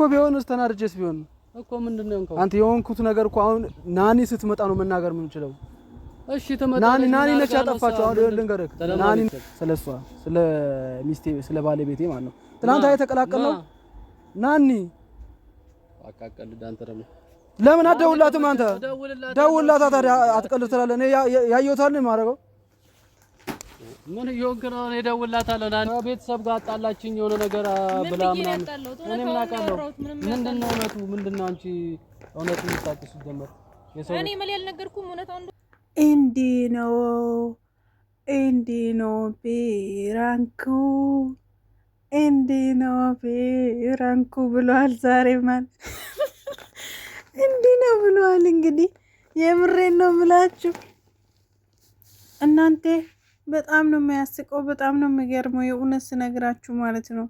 እኮ ቢሆንስ ተናድጄስ ቢሆን እኮ ምንድነው እንኳን አንተ የሆንኩት ነገር እኮ አሁን ናኒ ስትመጣ ነው መናገር የምንችለው። እሺ ተመጣጣኝ ናኒ ናኒ ነች ያጠፋቸው። አሁን ልንገርህ ናኒ ስለሷ ስለ ሚስቴ ስለ ባለቤቴ ማለት ነው ትናንት አይ የተቀላቀልነው ናኒ አቃቀልድ አንተ ደግሞ ለምን አትደውልላትም? አንተ ደውልላታ ታዲያ አትቀልድ ትላለህ። እኔ ያየሁታልን ማድረገው ምን እየሆንክ ነው? እኔ እደውልላታለሁ። ቤተሰብ ጋር አጣላችኝ የሆነ ነገር ብላ ምናምን። እኔ ምን አውቃለሁ? ምንድን ነው እውነቱ? ምንድን ነው አንቺ እውነቱ የምታውቂው? ሲጀመር እኔ ምን አልነገርኩም። እውነት አንዱ እንዲህ ነው እንዲህ ነው ቢራንኩ እንዲህ ነው ቢራንኩ ብሏል። ዛሬ ማን እንዲህ ነው ብሏል። እንግዲህ የምሬን ነው ብላችሁ እናንተ በጣም ነው የሚያስቀው፣ በጣም ነው የሚገርመው። የእውነት ስነግራችሁ ማለት ነው።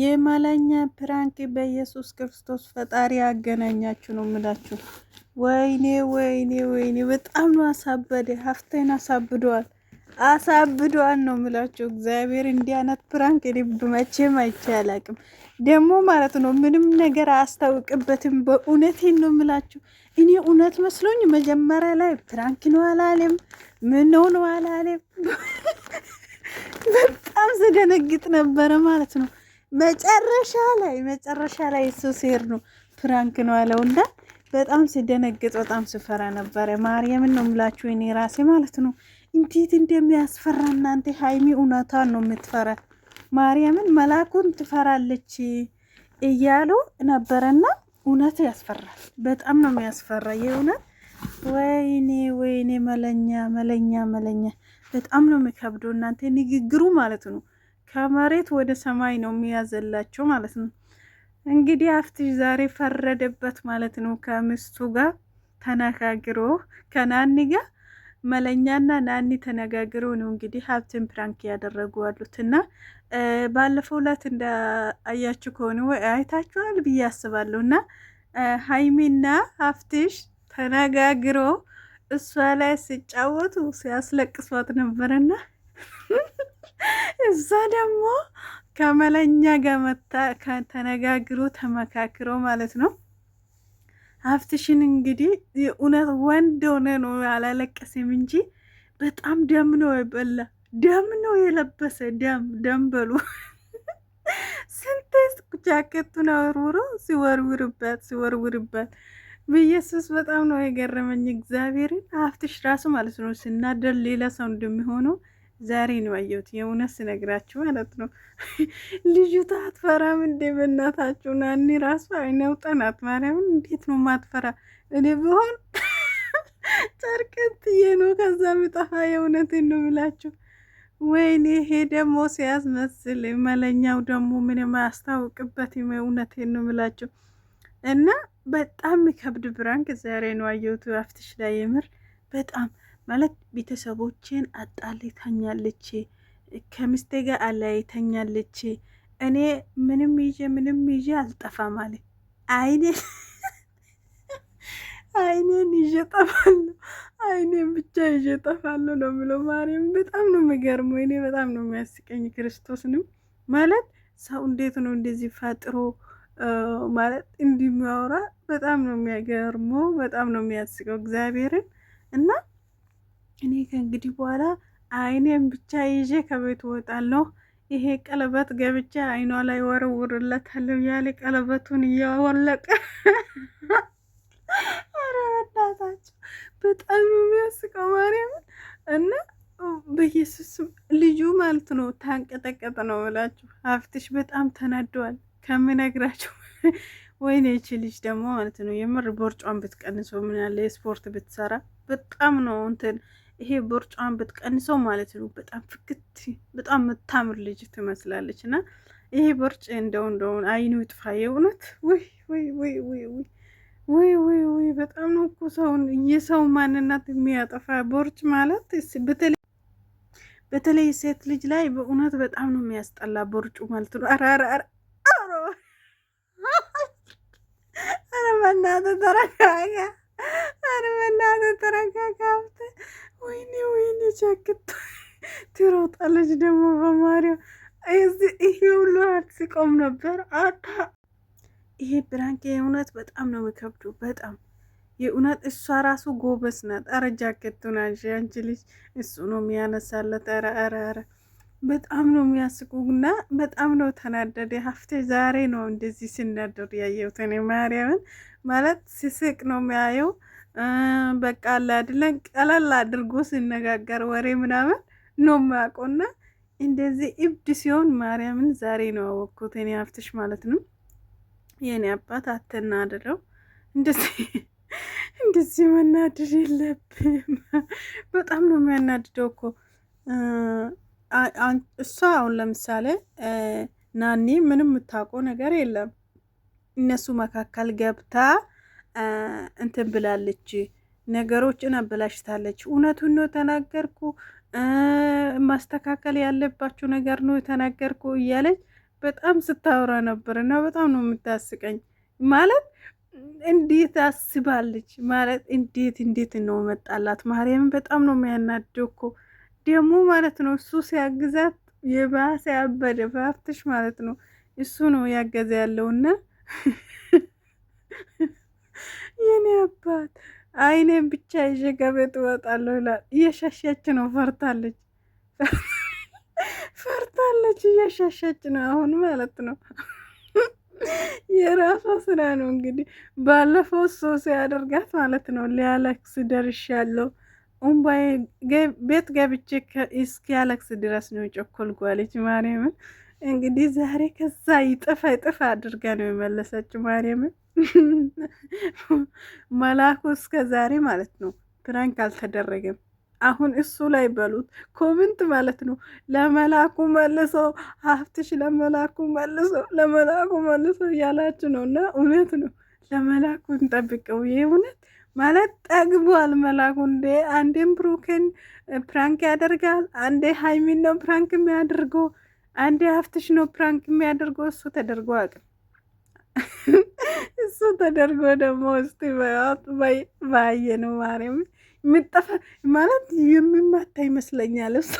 የማላኛ ፕራንክ በኢየሱስ ክርስቶስ ፈጣሪ ያገናኛችሁ ነው የምላችሁ። ወይኔ ወይኔ ወይኔ፣ በጣም ነው አሳበደ። ሀፍቴን አሳብደዋል። አሳብዷን ነው ምላቸው። እግዚአብሔር እንዲህ አይነት ፕራንክ እኔ መቼም አይቼ አላቅም። ደግሞ ማለት ነው ምንም ነገር አያስታውቅበትም። በእውነቴን ነው የምላቸው። እኔ እውነት መስሎኝ መጀመሪያ ላይ ፕራንክ ነው አላለም፣ ምን ነው ነው አላለም። በጣም ስደነግጥ ነበረ ማለት ነው። መጨረሻ ላይ መጨረሻ ላይ እሱ ሲሄድ ነው ፕራንክ ነው አለው እና በጣም ስደነግጥ በጣም ስፈራ ነበረ። ማርያምን ነው ምላችሁ እኔ ራሴ ማለት ነው እንዴት እንደሚያስፈራ እናንተ። ሀይሚ እውነቷን ነው የምትፈራ። ማርያምን መላኩን ትፈራለች እያሉ ነበረና እውነት ያስፈራል። በጣም ነው የሚያስፈራ የእውነት። ወይኔ ወይኔ፣ መለኛ መለኛ መለኛ። በጣም ነው የሚከብደው እናንተ ንግግሩ ማለት ነው። ከመሬት ወደ ሰማይ ነው የሚያዘላቸው ማለት ነው። እንግዲህ አፍትሽ ዛሬ ፈረደበት ማለት ነው። ከምስቱ ጋር ተነጋግሮ ከናኒ ጋር መለኛና ናኒ ተነጋግረው ነው እንግዲህ ሀብትን ፕራንክ ያደረጉ አሉት እና ባለፈው ዕለት እንዳያችሁ ከሆነ አይታችኋል ብዬ አስባለሁ። እና ሀይሚና ሀፍትሽ ተነጋግሮ እሷ ላይ ሲጫወቱ ሲያስለቅሷት ነበርና እዛ ደግሞ ከመለኛ ጋር መታ ተነጋግሮ ተመካክሮ ማለት ነው ሀብትሽን እንግዲህ እውነት ወንድ ሆነ ነው አላለቀስም እንጂ በጣም ደም ነው የበላ ደም ነው የለበሰ ደም ደም በሉ ስንቴስ ጃኬቱን አወርውሮ ሲወርውርበት ሲወርውርበት በኢየሱስ በጣም ነው የገረመኝ። እግዚአብሔርን ሀብትሽ ራሱ ማለት ነው ስናደር ሌላ ሰው እንደሚሆነው ዛሬ ነው አየሁት። የእውነት ስነግራችሁ ማለት ነው። ልጅቷ አትፈራም እንዴ? በእናታችሁ ና እኔ ራሱ አይነውጠናት ማርያምን። እንዴት ነው ማትፈራ? እኔ ብሆን ጨርቅትዬ ነው ከዛ የሚጠፋ የእውነትን ነው ምላችሁ። ወይኔ ይሄ ደግሞ ሲያስመስል መለኛው ደግሞ ምን የማያስታውቅበት የእውነቴን ነው ብላችሁ እና በጣም የሚከብድ ብራንክ ዛሬ ነው አየሁት አፍትሽ ላይ የምር በጣም ማለት ቤተሰቦቼን አጣልታኛለች፣ ከሚስቴ ጋር አለያይታኛለች። እኔ ምንም ይዤ ምንም ይዤ አልጠፋም አለ። አይኔን አይኔን ይዤ ጠፋለሁ፣ አይኔን ብቻ ይዤ ጠፋለሁ ነው ብለው ማርያም፣ በጣም ነው የሚገርመው። እኔ በጣም ነው የሚያስቀኝ። ክርስቶስንም ማለት ሰው እንዴት ነው እንደዚህ ፈጥሮ ማለት እንዲሚያወራ በጣም ነው የሚያገርመው። በጣም ነው የሚያስቀው እግዚአብሔርን እና እኔ ከእንግዲህ በኋላ አይኔም ብቻ ይዤ ከቤት እወጣለሁ። ይሄ ቀለበት ገብቼ አይኗ ላይ ወረውርለታለሁ ያለ ቀለበቱን እያወለቀ ኧረ በእናታችሁ በጣም የሚያስቀው ማርያምን እና በኢየሱስ ልጁ ማለት ነው ታንቀጠቀጥ ነው ብላችሁ ሀፍትሽ በጣም ተናደዋል ከምነግራችሁ። ወይኔ ይቺ ልጅ ደግሞ ማለት ነው የምር ቦርጫን ብትቀንሰው ምን ያለ የስፖርት ብትሰራ በጣም ነው እንትን ይሄ ቦርጫን ብትቀንሰው ማለት ነው በጣም ፍክት በጣም የምታምር ልጅ ትመስላለች። እና ይሄ ቦርጭ እንደው እንደው አይኑ ይጥፋ የእውነት ውይ በጣም ነው እኮ ሰውን የሰው ማንነት የሚያጠፋ ቦርጭ ማለት በተለይ ሴት ልጅ ላይ በእውነት በጣም ነው የሚያስጠላ ቦርጩ ማለት ነው። ኧረ ኧረ ኧረ በእናትህ ተረጋጋ፣ አረ በእናትህ ተረጋጋ። ወይኔ ወይኔ፣ ጃኬት ትሮጣለች ደግሞ በማርያም ይሄ ሁሉ ሲቆም ነበር አታ ይሄ ብራንኬ የእውነት በጣም ነው የሚከብዱ። በጣም የእውነት እሷ ራሱ ጎበስ ናት። አረ ጃኬቱን አንሺ አንቺ ልጅ፣ እሱ ነው የሚያነሳለት። አረ አረ አረ በጣም ነው የሚያስቁ እና በጣም ነው ተናደደ። ሀፍቴ ዛሬ ነው እንደዚህ ሲናደዱ ያየሁት እኔ ማርያምን። ማለት ሲስቅ ነው የሚያየው በቃ አላድለን ቀለል አድርጎ ሲነጋገር ወሬ ምናምን ነው የማያውቀውና እንደዚህ እብድ ሲሆን ማርያምን ዛሬ ነው አወቅኩት። እኔ ሀብትሽ ማለት ነው የእኔ አባት አተና አደለው እንደዚህ እንደዚህ መናድድ የለብም። በጣም ነው የሚያናድደው እኮ እሷ አሁን ለምሳሌ ናኒ ምንም የምታውቀው ነገር የለም እነሱ መካከል ገብታ እንትን ብላለች፣ ነገሮችን አበላሽታለች። እውነቱን ነው ተናገርኩ፣ ማስተካከል ያለባችሁ ነገር ነው ተናገርኩ እያለች በጣም ስታወራ ነበር እና በጣም ነው የምታስቀኝ ማለት እንዴት አስባለች ማለት እንዴት እንዴት ነው መጣላት። ማርያምን በጣም ነው የሚያናደው እኮ ደግሞ ማለት ነው እሱ ሲያግዛት የባሰ ያበደ ባፍትሽ ማለት ነው እሱ ነው ያገዘ ያለውና የኔ አባት አይኔን ብቻ ይዤ ከቤት እወጣለሁ ይላል። ነው፣ ፈርታለች፣ ፈርታለች፣ እየሻሻች ነው አሁን ማለት ነው። የራሷ ስራ ነው እንግዲህ። ባለፈው ሰው ሲያደርጋት ማለት ነው ሊያለቅስ ደርሻለሁ ኡምባዬ ቤት ገብቼ እስኪያለቅስ ድረስ ነው ጨኮል ጓለች ማርያምን። እንግዲህ ዛሬ ከዛ ይጥፋ ይጥፋ አድርጋ ነው የመለሰችው ማርያምን። መላኩ እስከ ዛሬ ማለት ነው ፕራንክ አልተደረገም። አሁን እሱ ላይ በሉት ኮሜንት ማለት ነው። ለመላኩ መልሰው ሀፍትሽ ለመላኩ መልሰው ለመላኩ መልሰው እያላችሁ ነው። እና እውነት ነው ለመላኩ እንጠብቀው። ይህ እውነት ማለት ጠግቧል መላኩ። እንዴ አንዴም ብሩክን ፕራንክ ያደርጋል፣ አንዴ ሀይሚን ነው ፕራንክ የሚያደርገው፣ አንዴ ሀፍትሽ ነው ፕራንክ የሚያደርገው። እሱ ተደርጎ አቅም እሱ ተደርጎ ደግሞ ውስጥ ባየ ነው ማርያም የምጠፋ ማለት የሚመታ ይመስለኛል። እሱ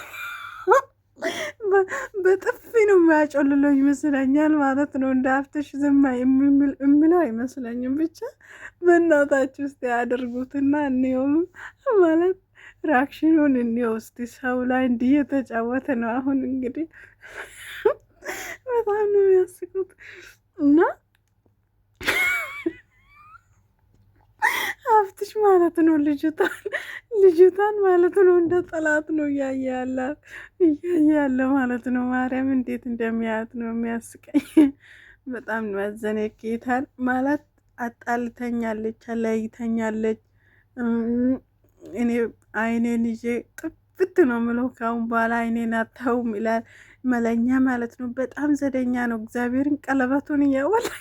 በጥፊ ነው የሚያጮልሎ ይመስለኛል ማለት ነው። እንደ አፍተሽ ዝማ የሚለው አይመስለኝም። ብቻ በእናታች ውስጥ ያደርጉትና እኒውም ማለት ራክሽኑን እኒው ውስጥ ሰው ላይ እንዲህ የተጫወተ ነው። አሁን እንግዲህ በጣም ነው የሚያስቁት እና ሀብትሽ ማለት ነው ልጅቷን ልጅቷን ማለት ነው እንደ ጠላት ነው እያየ ያለ ማለት ነው። ማርያም እንዴት እንደሚያያት ነው የሚያስቀኝ። በጣም ነው ያዘነ ጌታን ማለት አጣልተኛለች፣ አለያይተኛለች። እኔ አይኔን ይዤ ጥፍት ነው ምለው ካሁን በኋላ አይኔን አታውም ይላል መለኛ ማለት ነው። በጣም ዘደኛ ነው። እግዚአብሔርን ቀለበቱን እያወለቀ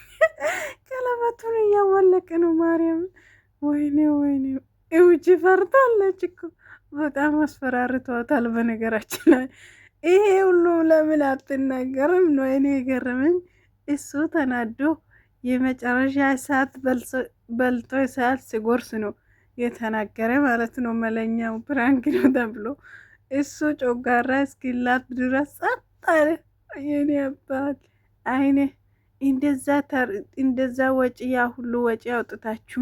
ቀለበቱን እያወለቀ ነው ማርያም ወይኔ ወይኔ እውጭ ፈርታለች እኮ በጣም አስፈራርቷታል። በነገራችን ላይ ይሄ ሁሉ ለምን አትናገርም ነው እኔ የገረመኝ። እሱ ተናዶ የመጨረሻ ሰዓት በልቶ ሰዓት ሲጎርስ ነው የተናገረ ማለት ነው። መለኛው ፕራንክ ነው ተብሎ እሱ ጮጋራ እስኪላት ድረስ ጸጥ አለ። የኔ አባት አይኔ እንደዛ ወጪ ያ ሁሉ ወጪ አውጥታችሁ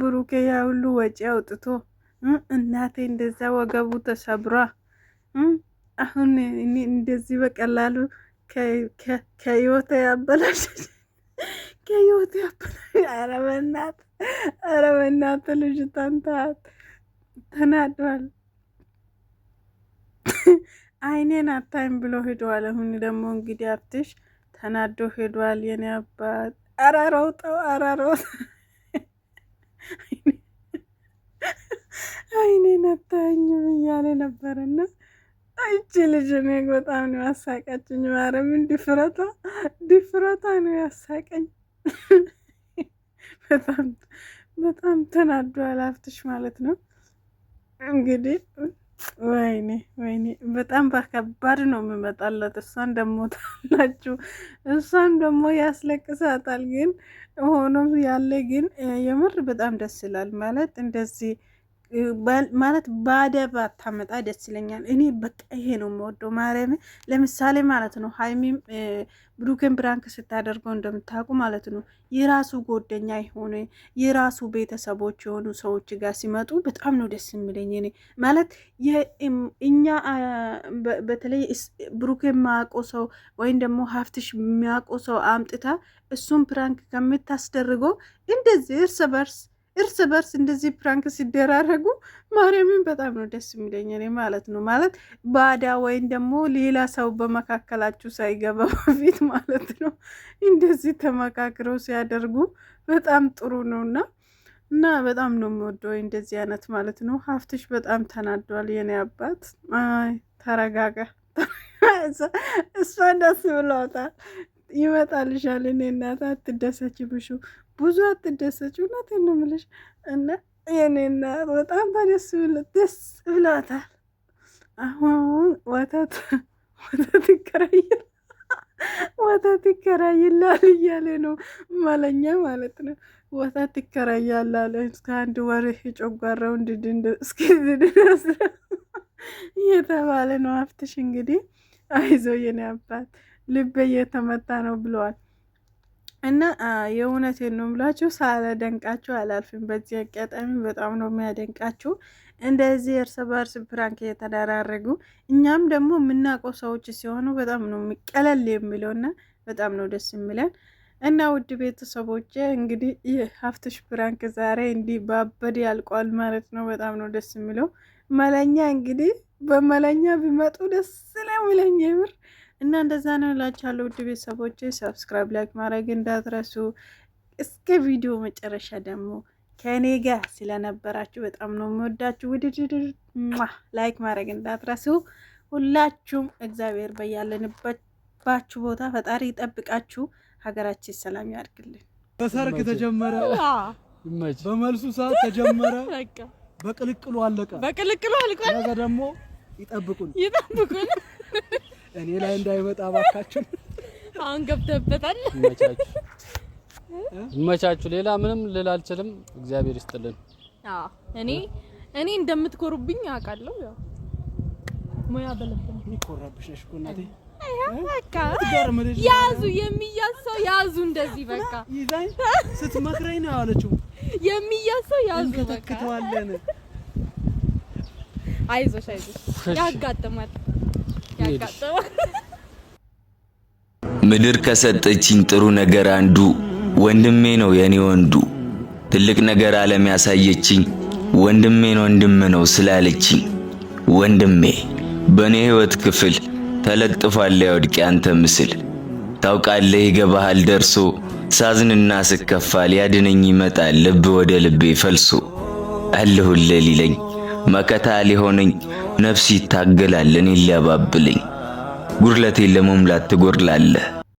ብሩኬ ያ ሁሉ ወጪ አውጥቶ እናቴ እንደዛ ወገቡ ተሰብሯ፣ አሁን እንደዚህ በቀላሉ ከህይወት ያበላሽ ከህይወት ያበላሽ። ኧረ በእናት ኧረ በእናት ልጅቷን ተዋት። ተናዷል። አይኔን አታይም ብሎ ሄደዋል። አሁን ደግሞ እንግዲህ አብትሽ ተናዶ ሄዷል። የኔ አባት አራሮጠው አራሮጠው አይኔ ነታኝ እያለ ነበረና አይቺ ልጅ እኔ በጣም ነው ያሳቀችኝ። ማረምን ድፍረቷ ድፍረቷ ነው ያሳቀኝ። በጣም በጣም ተናዷል አፍትሽ ማለት ነው እንግዲህ ወይኔ ወይኔ በጣም በከባድ ነው የምመጣለት እሷን ደግሞ ታላችሁ፣ እሷን ደግሞ ያስለቅሳታል። ግን ሆኖም ያለ ግን የምር በጣም ደስ ይላል ማለት እንደዚህ ማለት በአደባ ታመጣ ደስ ይለኛል። እኔ በቃ ይሄ ነው የምወደው። ማርያም ለምሳሌ ማለት ነው ሀይሚም ብሩኬን ብራንክ ስታደርገው እንደምታውቁ ማለት ነው የራሱ ጎደኛ የሆነ የራሱ ቤተሰቦች የሆኑ ሰዎች ጋር ሲመጡ በጣም ነው ደስ የሚለኝ። እኔ ማለት እኛ በተለይ ብሩኬ ማቆ ሰው ወይም ደግሞ ሀፍትሽ የሚያውቆ ሰው አምጥታ እሱን ፕራንክ ከምታስደርገው እንደዚህ እርስ በርስ እርስ በርስ እንደዚህ ፕራንክ ሲደራረጉ ማርያምን በጣም ነው ደስ የሚለኝ እኔ ማለት ነው። ማለት ባዳ ወይም ደግሞ ሌላ ሰው በመካከላችሁ ሳይገባ በፊት ማለት ነው እንደዚህ ተመካክረው ሲያደርጉ በጣም ጥሩ ነው እና እና በጣም ነው የምወደው እንደዚህ አይነት ማለት ነው። ሀፍትሽ በጣም ተናዷል የኔ አባት። አይ ተረጋጋ። እሷ ደስ ብለውታል። ይወጣልሻል። እኔ እናት አትደሰች ብሹ ብዙ አትደሰች። እውነቴን ነው የምልሽ እና የኔ እናት በጣም በደስ ደስ ብላታል። አሁን ወተት ወተት ይከራይል ወተት ይከራይላል እያለ ነው ማለኛ ማለት ነው። ወተት ይከራያል አለ እስከ አንድ ወር የጨጓራው እንድድንድ እስኪ ድረስ እየተባለ ነው። አፍትሽ እንግዲህ አይዞ የኔ አባት ልቤ እየተመታ ነው ብለዋል። እና የእውነቴን ነው የምላችሁ፣ ሳላደንቃችሁ አላልፍም። በዚህ አጋጣሚ በጣም ነው የሚያደንቃችሁ። እንደዚህ እርስ በርስ ፕራንክ እየተደራረጉ እኛም ደግሞ የምናውቀው ሰዎች ሲሆኑ በጣም ነው የሚቀለል የሚለው እና በጣም ነው ደስ የሚለን። እና ውድ ቤተሰቦች እንግዲህ ይህ ሀፍትሽ ፕራንክ ዛሬ እንዲህ በአበድ ያልቋል ማለት ነው። በጣም ነው ደስ የሚለው። መለኛ እንግዲህ በመለኛ ቢመጡ ደስ ነው የሚለኝ የምር እና እንደዛ ነው እላችኋለሁ ውድ ቤተሰቦች፣ ሰብስክራይብ ላይክ ማድረግ እንዳትረሱ። እስከ ቪዲዮ መጨረሻ ደግሞ ከእኔ ጋር ስለነበራችሁ በጣም ነው የምወዳችሁ። ውድድድ ላይክ ማድረግ እንዳትረሱ። ሁላችሁም እግዚአብሔር በያለንባችሁ ቦታ ፈጣሪ ይጠብቃችሁ። ሀገራችን ሰላም ያድርግልን። በሰርግ ተጀመረ፣ በመልሱ ሰዓት ተጀመረ፣ በቅልቅሉ አለቀ፣ በቅልቅሉ አልቋል። ደግሞ ይጠብቁን፣ ይጠብቁን። እኔ ላይ እንዳይመጣ ባካችን። አሁን ገብተበታል። ይመቻችሁ። ሌላ ምንም ልል አልችልም። እግዚአብሔር ይስጥልን። አዎ እኔ እኔ እንደምትኮሩብኝ አውቃለሁ። ያው ሙያ በለብኝ ኮራብሽ ነሽ እኮ እናቴ። ያዙ የሚያዝ ሰው ያዙ። እንደዚህ በቃ ይዛኝ ስትመክረኝ ነው አለችው። የሚያዝ ሰው ያዙ። በቃ እንከተክተዋለን። አይዞሽ አይዞሽ፣ ያጋጥማል ምድር ከሰጠችኝ ጥሩ ነገር አንዱ ወንድሜ ነው የኔ ወንዱ ትልቅ ነገር ዓለም ያሳየችኝ ወንድሜን ወንድም ነው ስላለችኝ ወንድሜ በእኔ ሕይወት ክፍል ተለጥፏል ያወድቅ ያንተ ምስል ታውቃለህ ይገባሃል ደርሶ ሳዝንና ስከፋል ያድነኝ ይመጣል ልብ ወደ ልቤ ፈልሶ አለሁልህ ሊለኝ መከታ ሊሆነኝ ነፍስ ይታገላል እኔን ሊያባብልኝ። ጉድለቴን ለመሙላት ትጎድላለህ።